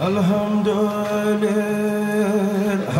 الحمد لله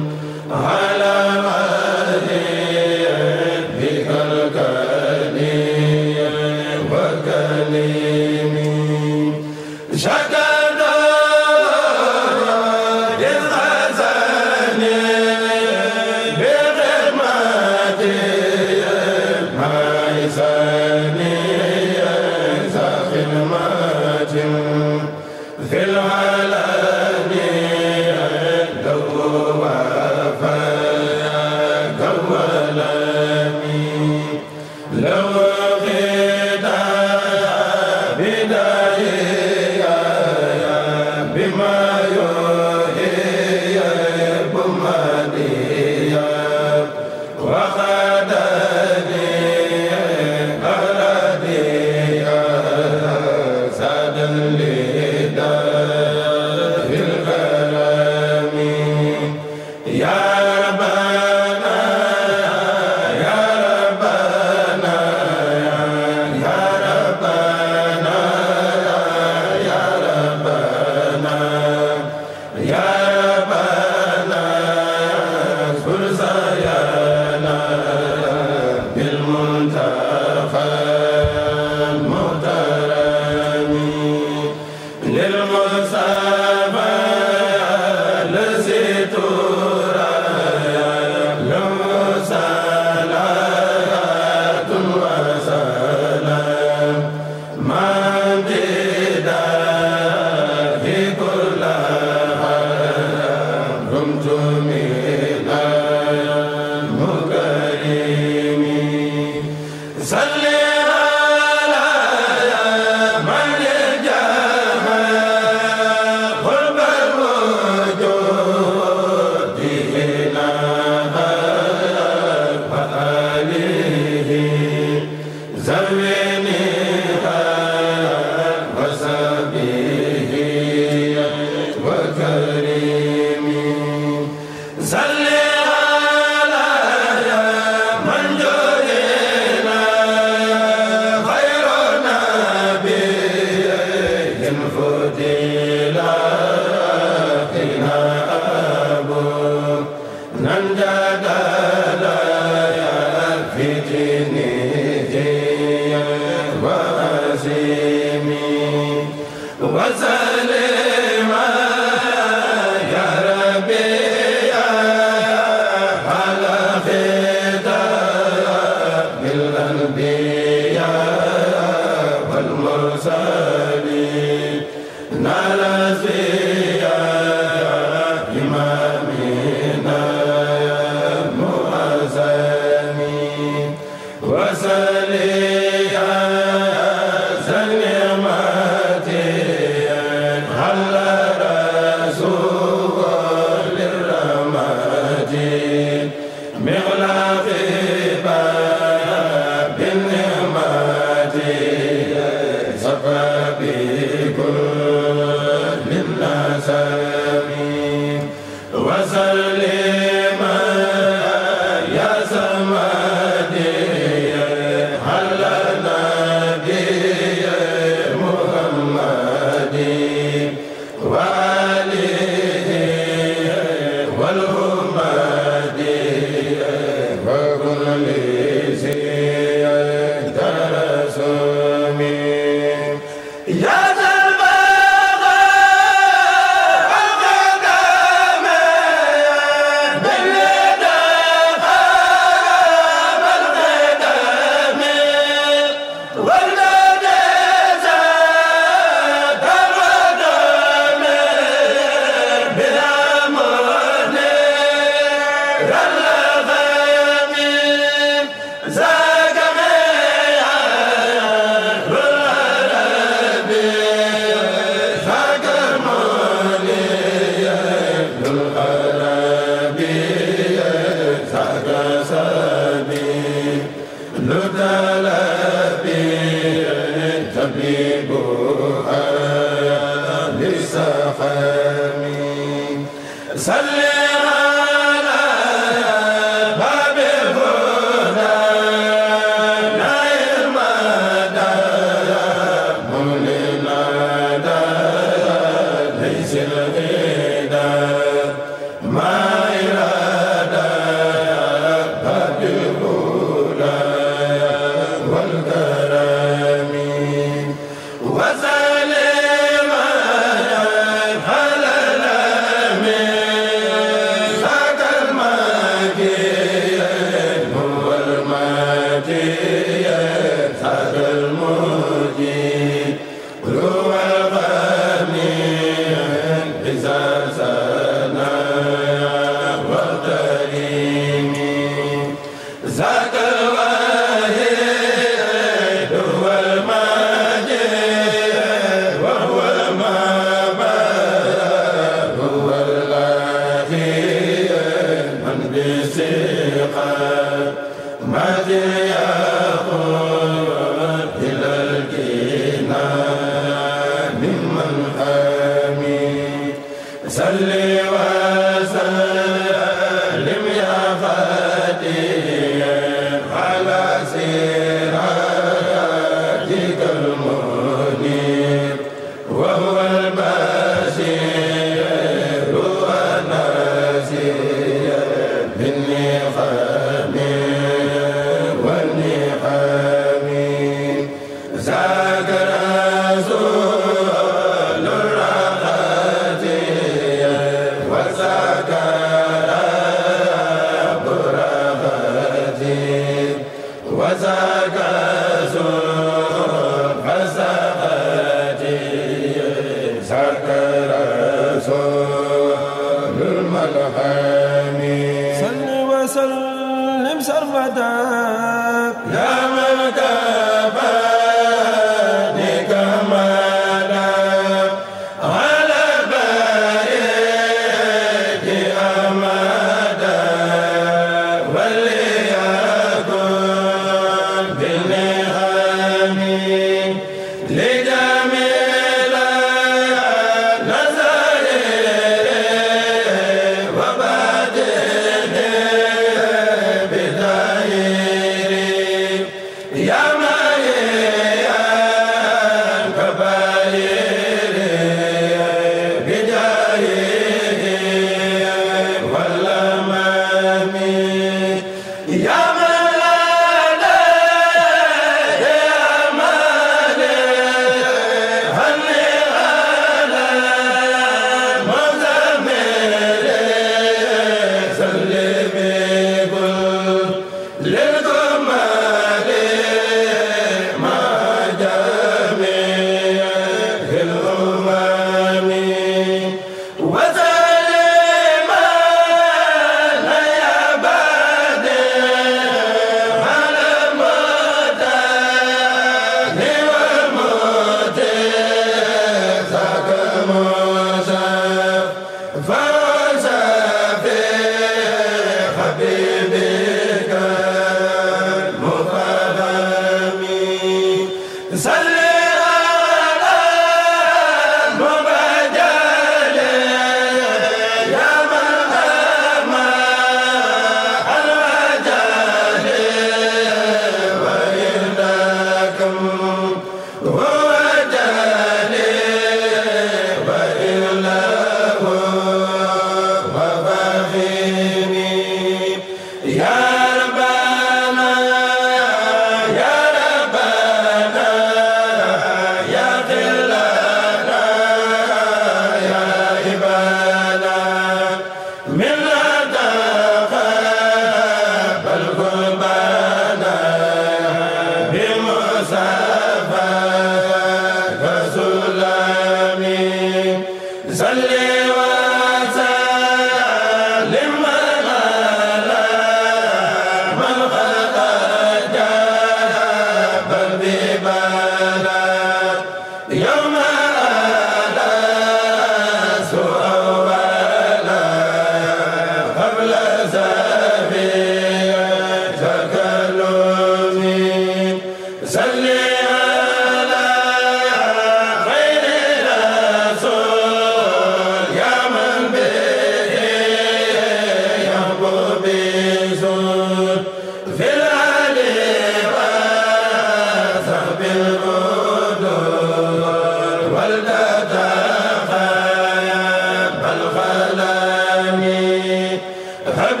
hab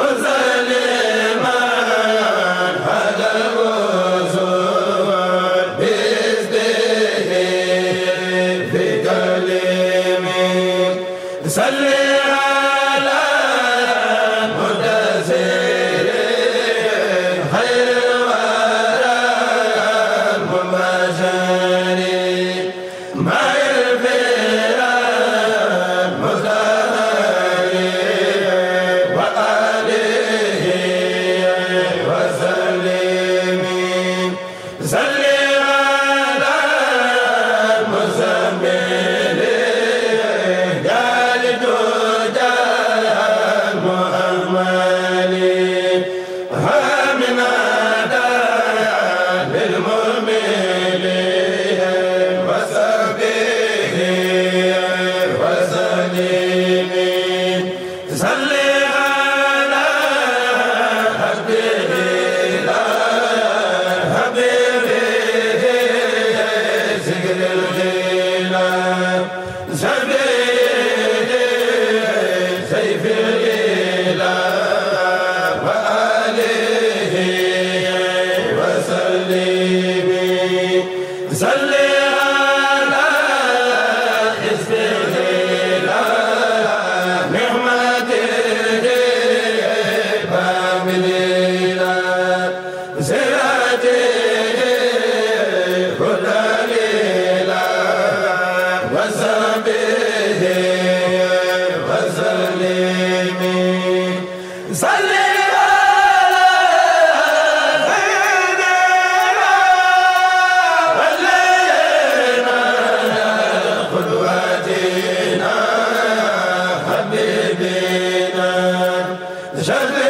wa jërëjëf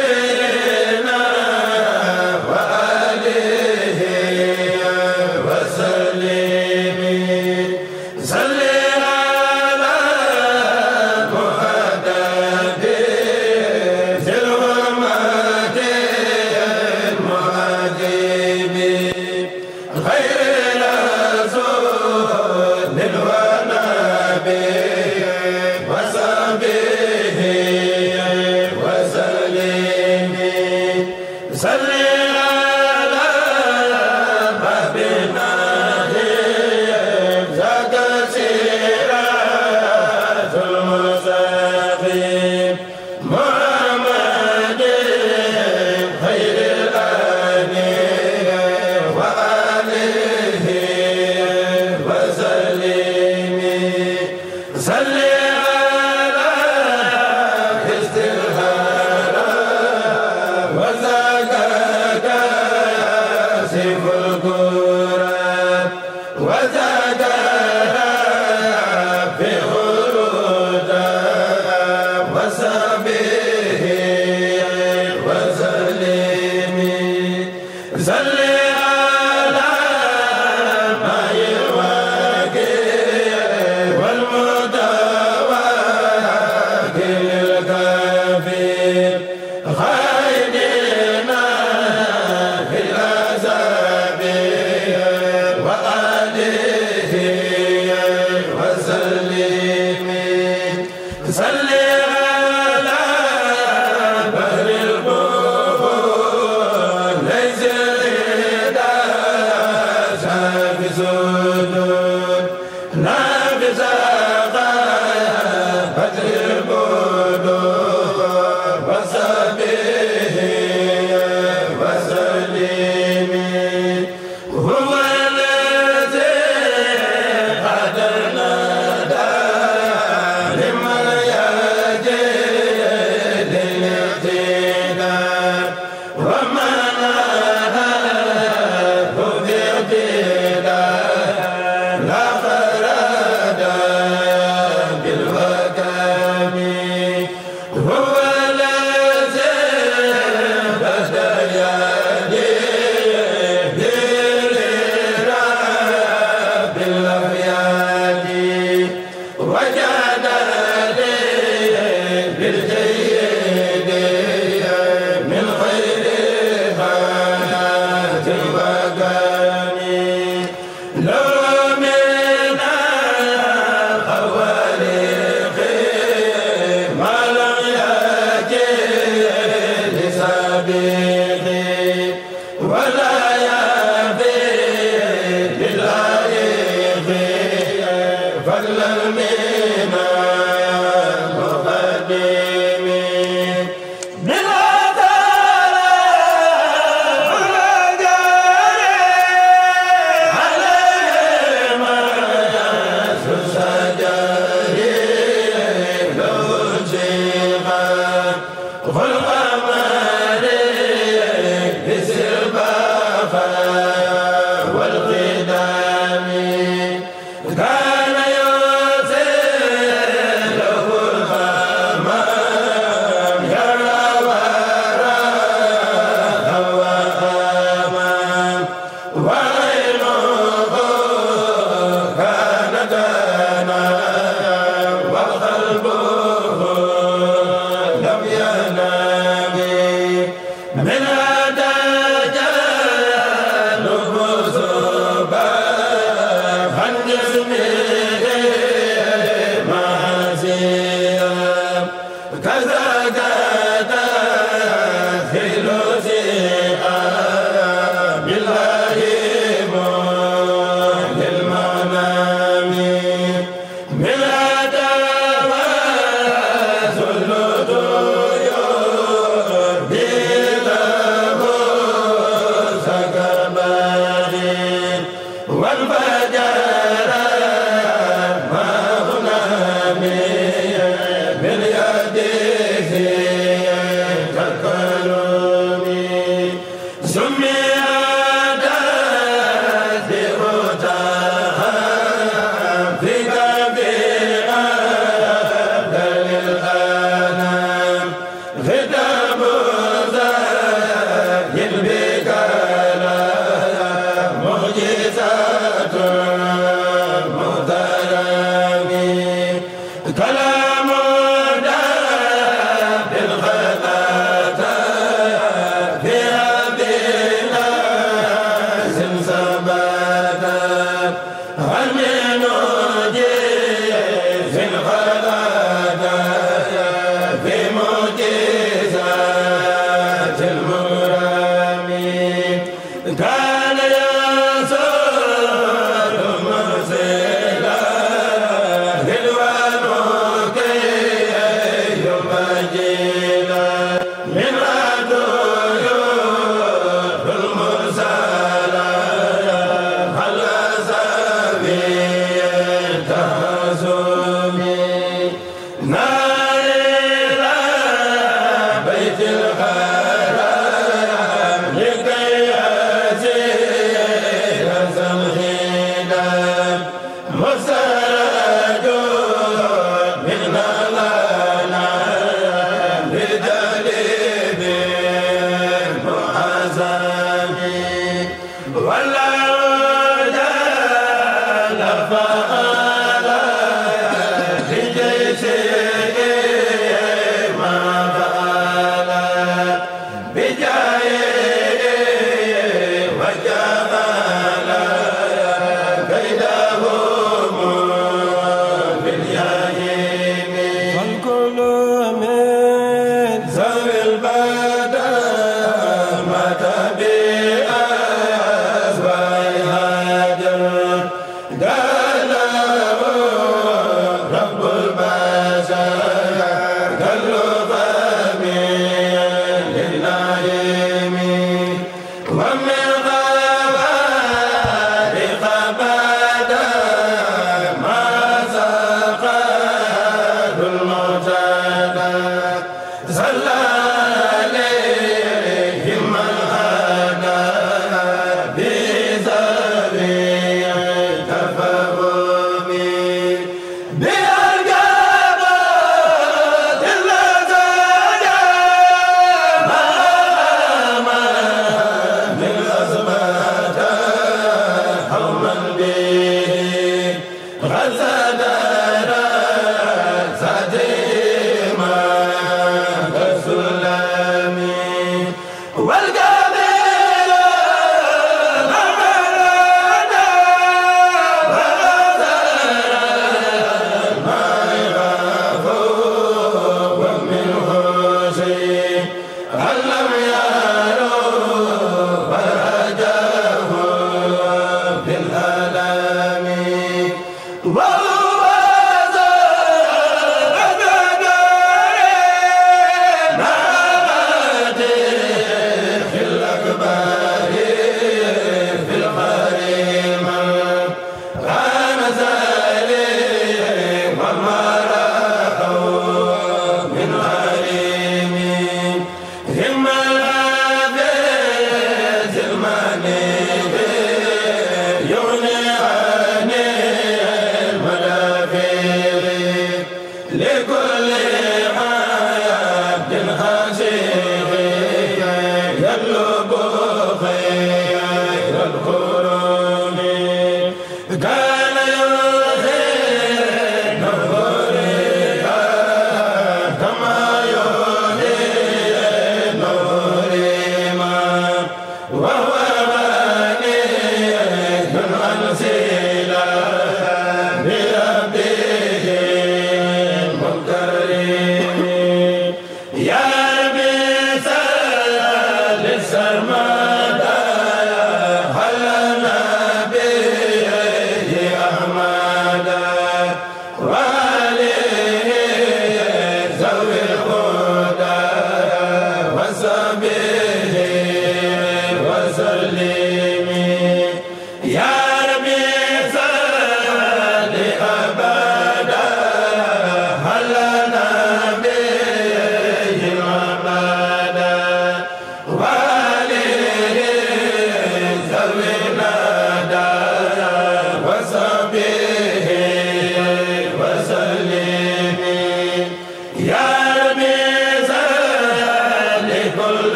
na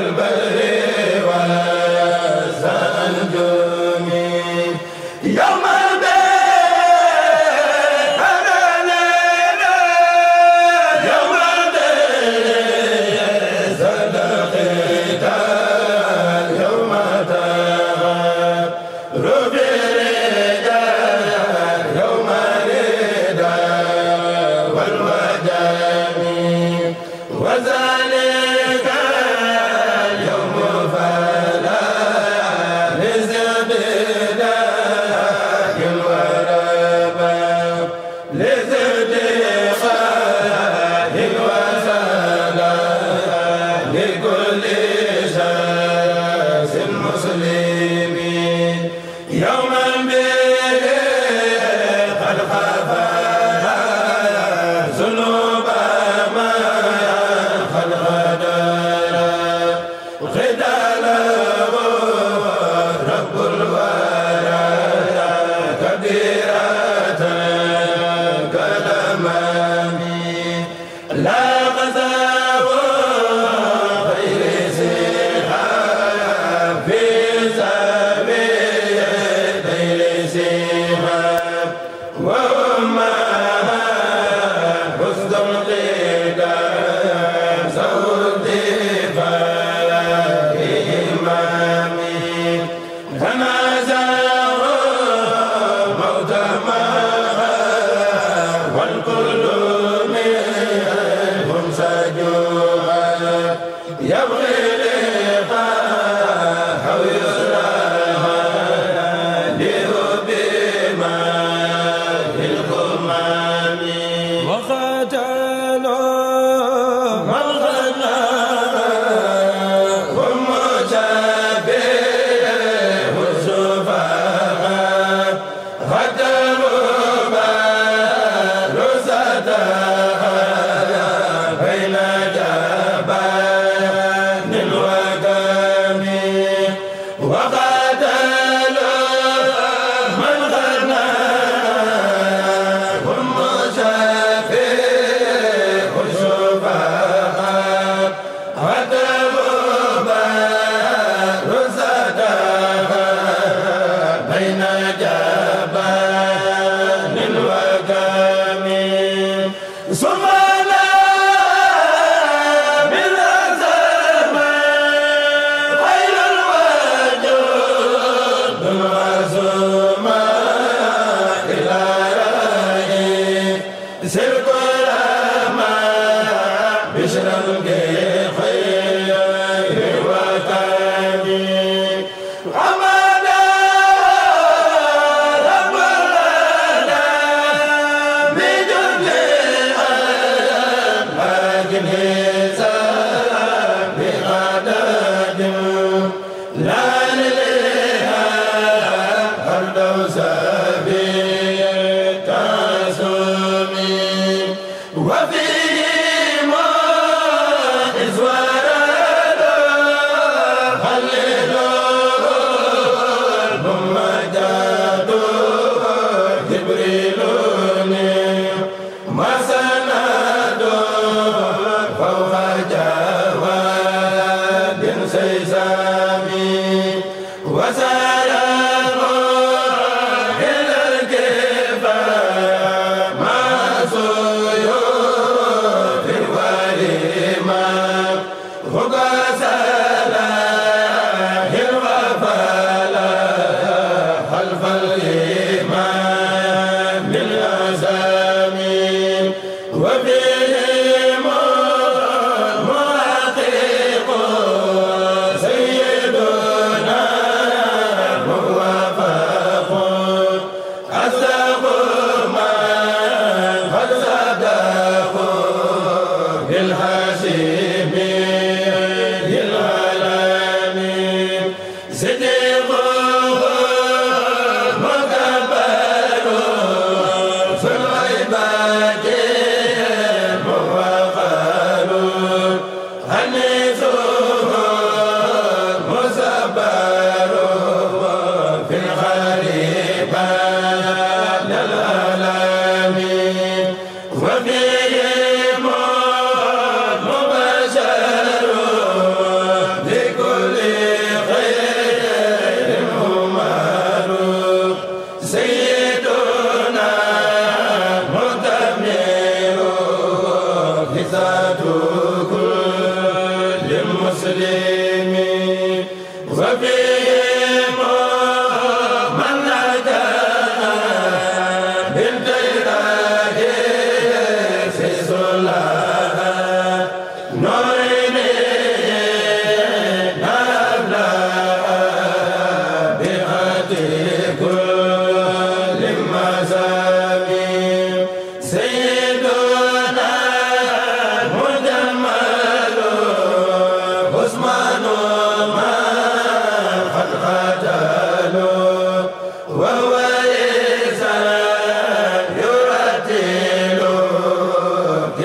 البر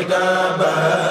kitaba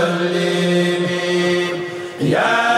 وسلمي يا